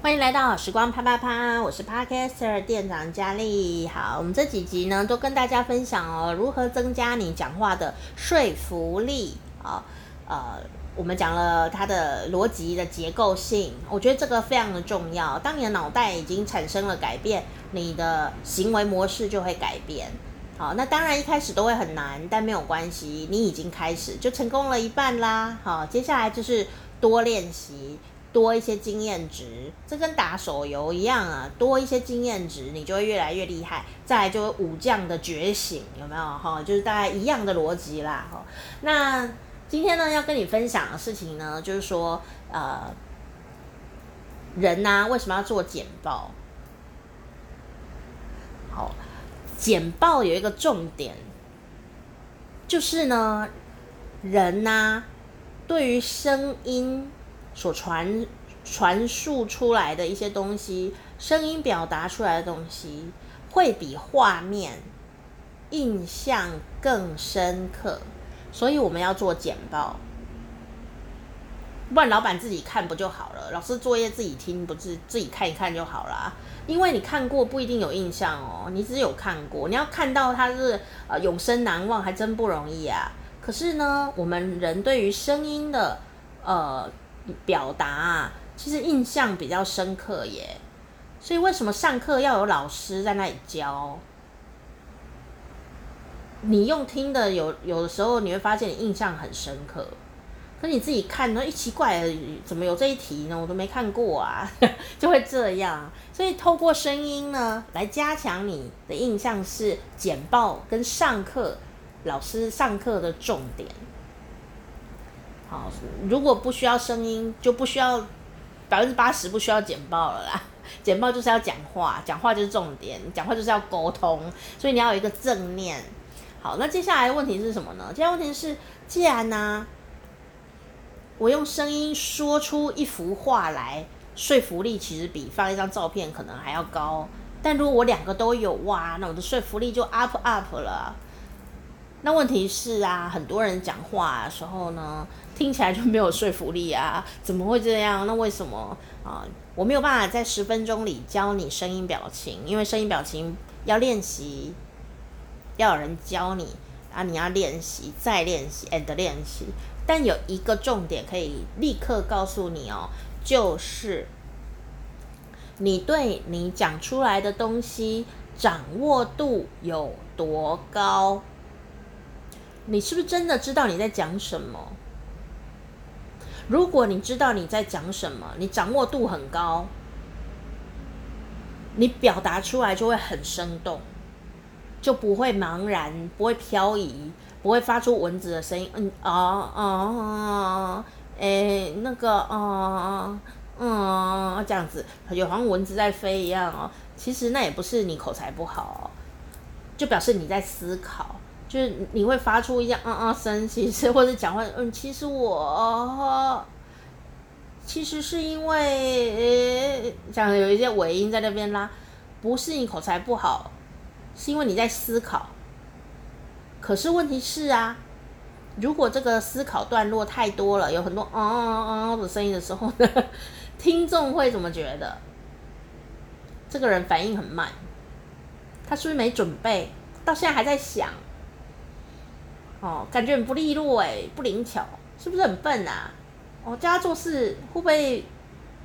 歡迎來到好時光啪啪啪，我是 Podcaster 店長佳麗。好，我們這幾集呢都跟大家分享哦，如何增加你講話的說服力啊，呃，我們講了它的邏輯的結構性，我覺得這個非常的重要。當你的腦袋已經產生了改變，你的行為模式就會改變。好，那當然一開始都會很難，但沒有關係，你已經開始就成功了一半啦。好，接下來就是多練習。多一些經驗值，這跟打手遊一樣啊，多一些經驗值，你就會越來越厲害。再來就武將的覺醒，有沒有哈？就是大概一樣的邏輯啦。那今天呢，要跟你分享的事情呢，就是說啊，呃，人啊，為什麼要做簡報？好，簡報有一個重點，就是呢，人啊，對於聲音。所傳傳述出來的一些東西，聲音表達出來的東西，會比畫面印象更深刻。所以我們要做簡報，不然老板自己看不就好了？老師作業自己聽，不是自己看一看就好了？因為你看過不一定有印象哦，你只有看過，你要看到它是呃永生難忘，還真不容易啊。可是呢，我們人對於聲音的呃。表達其實印象比較深刻耶，所以為什麼上課要有老師在那裡教？你用聽的有，有的時候你會發現你印象很深刻，可你自己看呢，一、欸、奇怪，怎麼有這一題呢？我都沒看過啊， 就會這樣。所以透過聲音呢來加強你的印象，是簡報跟上課老師上課的重點。好，如果不需要聲音，就不需要百分之八十，不需要簡報了啦。簡報就是要講話，講話就是重點，講話就是要溝通，所以你要有一個正面。好，那接下來問題是什麼呢？接下來問題是，既然呢、啊，我用聲音說出一幅畫來，說服力其實比放一張照片可能還要高。但如果我兩個都有哇，那我的說服力就 up up 了。那問題是啊，很多人講話的時候呢，聽起來就沒有說服力啊。怎麼會這樣？那為什麼啊、呃？我沒有辦法在十分鐘裡教你聲音表情，因為聲音表情要練習，要有人教你啊，你要練習、再練習、and 練習。但有一個重點可以立刻告訴你哦，就是你對你講出來的東西掌握度有多高。你是不是真的知道你在講什麼？如果你知道你在講什麼，你掌握度很高，你表達出來就會很生動，就不會茫然，不會飄移，不會發出蚊子的聲音。嗯，哦哦哦，哎、欸，那個哦哦哦，嗯，這樣子，有好像蚊子在飛一樣哦。其實那也不是你口才不好，哦，就表示你在思考。就是你會發出一些嗯嗯聲，其實或者講話嗯，其實我，哦、其實是因為呃，講有一些尾音在那邊啦，不是你口才不好，是因為你在思考。可是問題是啊，如果這個思考段落太多了，有很多嗯嗯嗯嗯的聲音的時候呢，聽眾會怎麼覺得？這個人反應很慢，他是不是沒準備？到現在還在想？哦，感覺很不利落哎、欸，不靈巧，是不是很笨啊？我、哦、教他做事會不會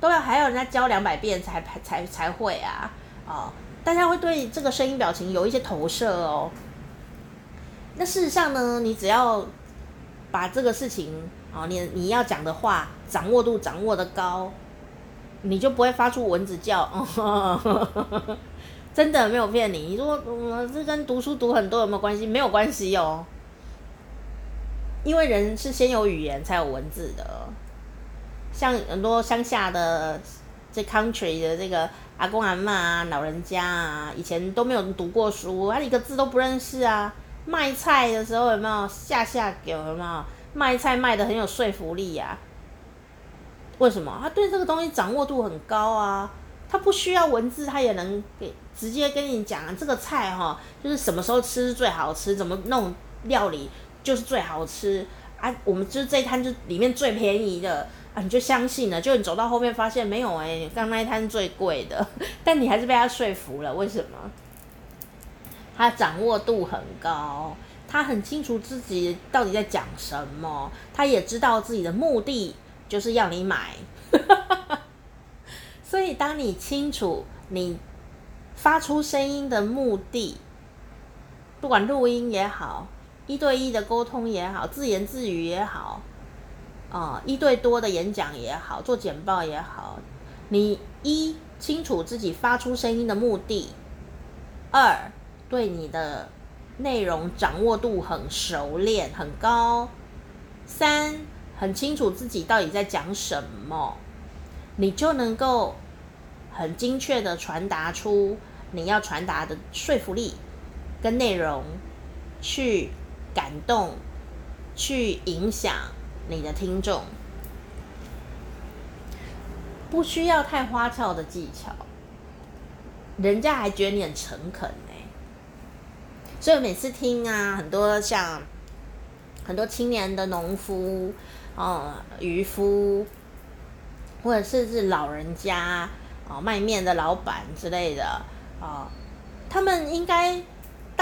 都要還要人家教兩百遍才才才會啊？哦，大家會對這個聲音表情有一些投射哦。那事實上呢，你只要把這個事情啊、哦，你你要講的話掌握度掌握得高，你就不會發出蚊子叫。嗯、呵呵真的沒有騙你，你說我、嗯、這跟讀書讀很多有沒有關係？沒有關係哦。因為人是先有語言才有文字的，像很多鄉下的這 country 的這個阿公阿嬤啊，老人家啊，以前都沒有讀過書，他一個字都不認識啊。賣菜的時候有沒有下下叫有沒有？賣菜賣得很有說服力呀？啊，為什麼？他對這個東西掌握度很高啊，他不需要文字，他也能給直接跟你講，啊、這個菜哈，就是什麼時候吃是最好吃，怎麼弄料理，就是最好吃啊！我們就是這一攤，就裡面最便宜的啊！你就相信了，就你走到後面發現沒有哎、欸，剛那一攤最貴的，但你還是被他說服了。為什麼？他掌握度很高，他很清楚自己到底在講什麼，他也知道自己的目的就是要你買。 所以，當你清楚你發出聲音的目的，不管錄音也好。一對一的溝通也好，自言自語也好，啊、嗯，一對多的演講也好，做簡報也好，你一清楚自己發出聲音的目的，二對你的內容掌握度很熟練很高，三很清楚自己到底在講什麼，你就能夠很精確的傳達出你要傳達的說服力跟內容去。感動，去影響你的聽眾，不需要太花俏的技巧，人家還覺得你很誠懇呢、欸。所以每次聽啊，很多像很多青年的農夫啊、呃、漁夫，或者甚至老人家啊、呃、賣麵的老闆之類的啊、呃，他們應該。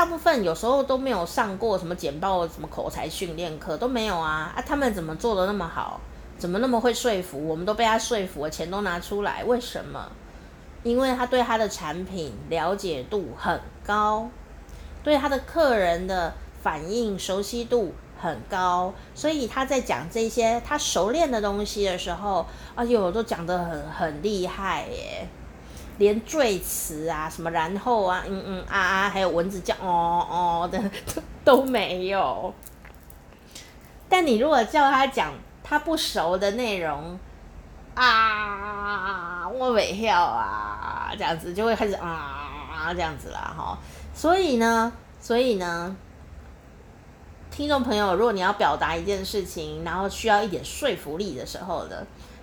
大部分有時候都沒有上過什麼簡報，什麼口才訓練課都沒有啊啊！他們怎麼做的那麼好？怎麼那麼會說服？我們都被他說服了，錢都拿出來，為什麼？因為他對他的產品了解度很高，對他的客人的反應熟悉度很高，所以他在講這些他熟練的東西的時候，而且我都講得很很厲害耶。連贅詞啊、什麼然後啊、嗯嗯啊啊，還有蚊子叫哦哦的都都沒有。但你如果叫他講他不熟的內容啊，我微笑啊，這樣子就會開始啊啊這樣子啦哈。所以呢，所以呢，聽眾朋友，如果你要表達一件事情，然後需要一點說服力的時候呢，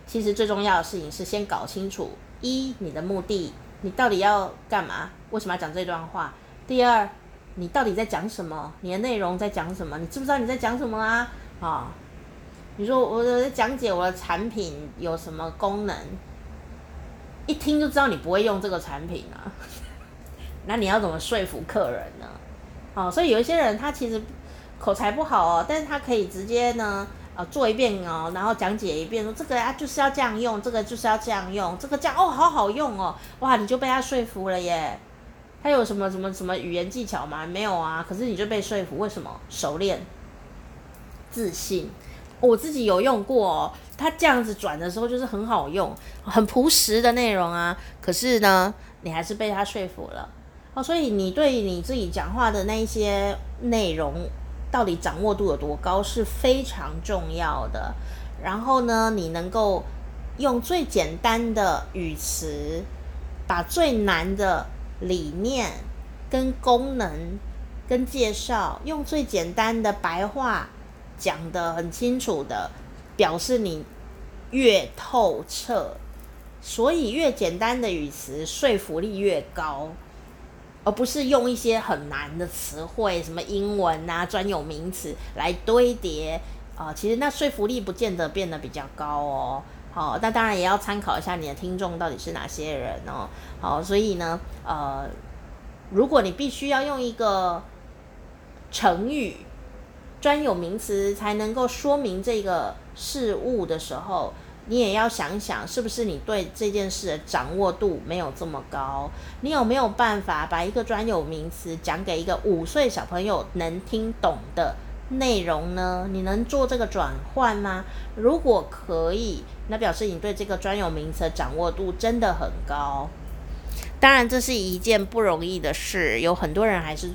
其實最重要的事情是先搞清楚。一，你的目的，你到底要幹嘛？為什麼要講這段話？第二，你到底在講什麼？你的內容在講什麼？你知不知道你在講什麼啊？啊、哦，你說我我在講解我的產品有什麼功能，一聽就知道你不會用這個產品啊， 那你要怎麼說服客人呢？啊、哦，所以有一些人他其實口才不好哦，但是他可以直接呢。做一遍哦，然後講解一遍，說這個啊就是要這樣用，這個就是要這樣用，這個這樣哦好好用哦，哇，你就被他說服了耶。他有什麼什麼什麼語言技巧嗎？沒有啊，可是你就被說服，為什麼？熟練、自信，哦，我自己有用過，哦，他這樣子轉的時候就是很好用，很樸實的內容啊。可是呢，你還是被他說服了哦，所以你對你自己講話的那一些內容，到底掌握度有多高是非常重要的，然後呢，你能夠用最簡單的語詞，把最難的理念跟功能跟介紹，用最簡單的白話講得很清楚的，表示你越透徹，所以越簡單的語詞說服力越高。而不是用一些很難的詞彙，什麼英文啊、專有名詞來堆疊，啊、呃，其實那說服力不見得變得比較高哦。好、哦，那當然也要參考一下你的聽眾到底是哪些人哦。好、哦，所以呢，呃，如果你必須要用一個成語、專有名詞才能夠說明這個事物的時候，你也要想想，是不是你對這件事的掌握度沒有這麼高？你有沒有辦法把一個專有名詞講給一個五歲小朋友能聽懂的內容呢？你能做這個轉換嗎？如果可以，那表示你對這個專有名詞的掌握度真的很高。當然，這是一件不容易的事，有很多人還是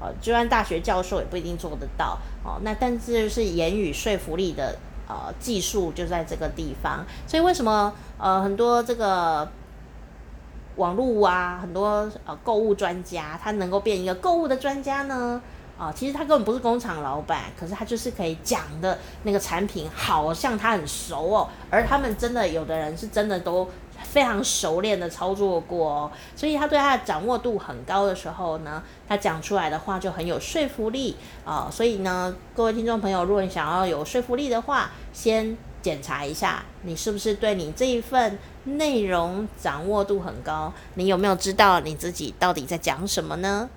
呃，就算大學教授也不一定做得到哦。那但這就是言語說服力的。呃，技術就在這個地方，所以為什麼呃很多這個網絡啊，很多呃購物專家，他能夠變一個購物的專家呢？啊、呃，其實他根本不是工廠老闆，可是他就是可以講的那個產品，好像他很熟哦。而他們真的有的人是真的都，非常熟練的操作過哦，所以他對他的掌握度很高的時候呢，他講出來的話就很有說服力啊、哦。所以呢，各位聽眾朋友，如果你想要有說服力的話，先檢查一下你是不是對你這一份內容掌握度很高，你有沒有知道你自己到底在講什麼呢？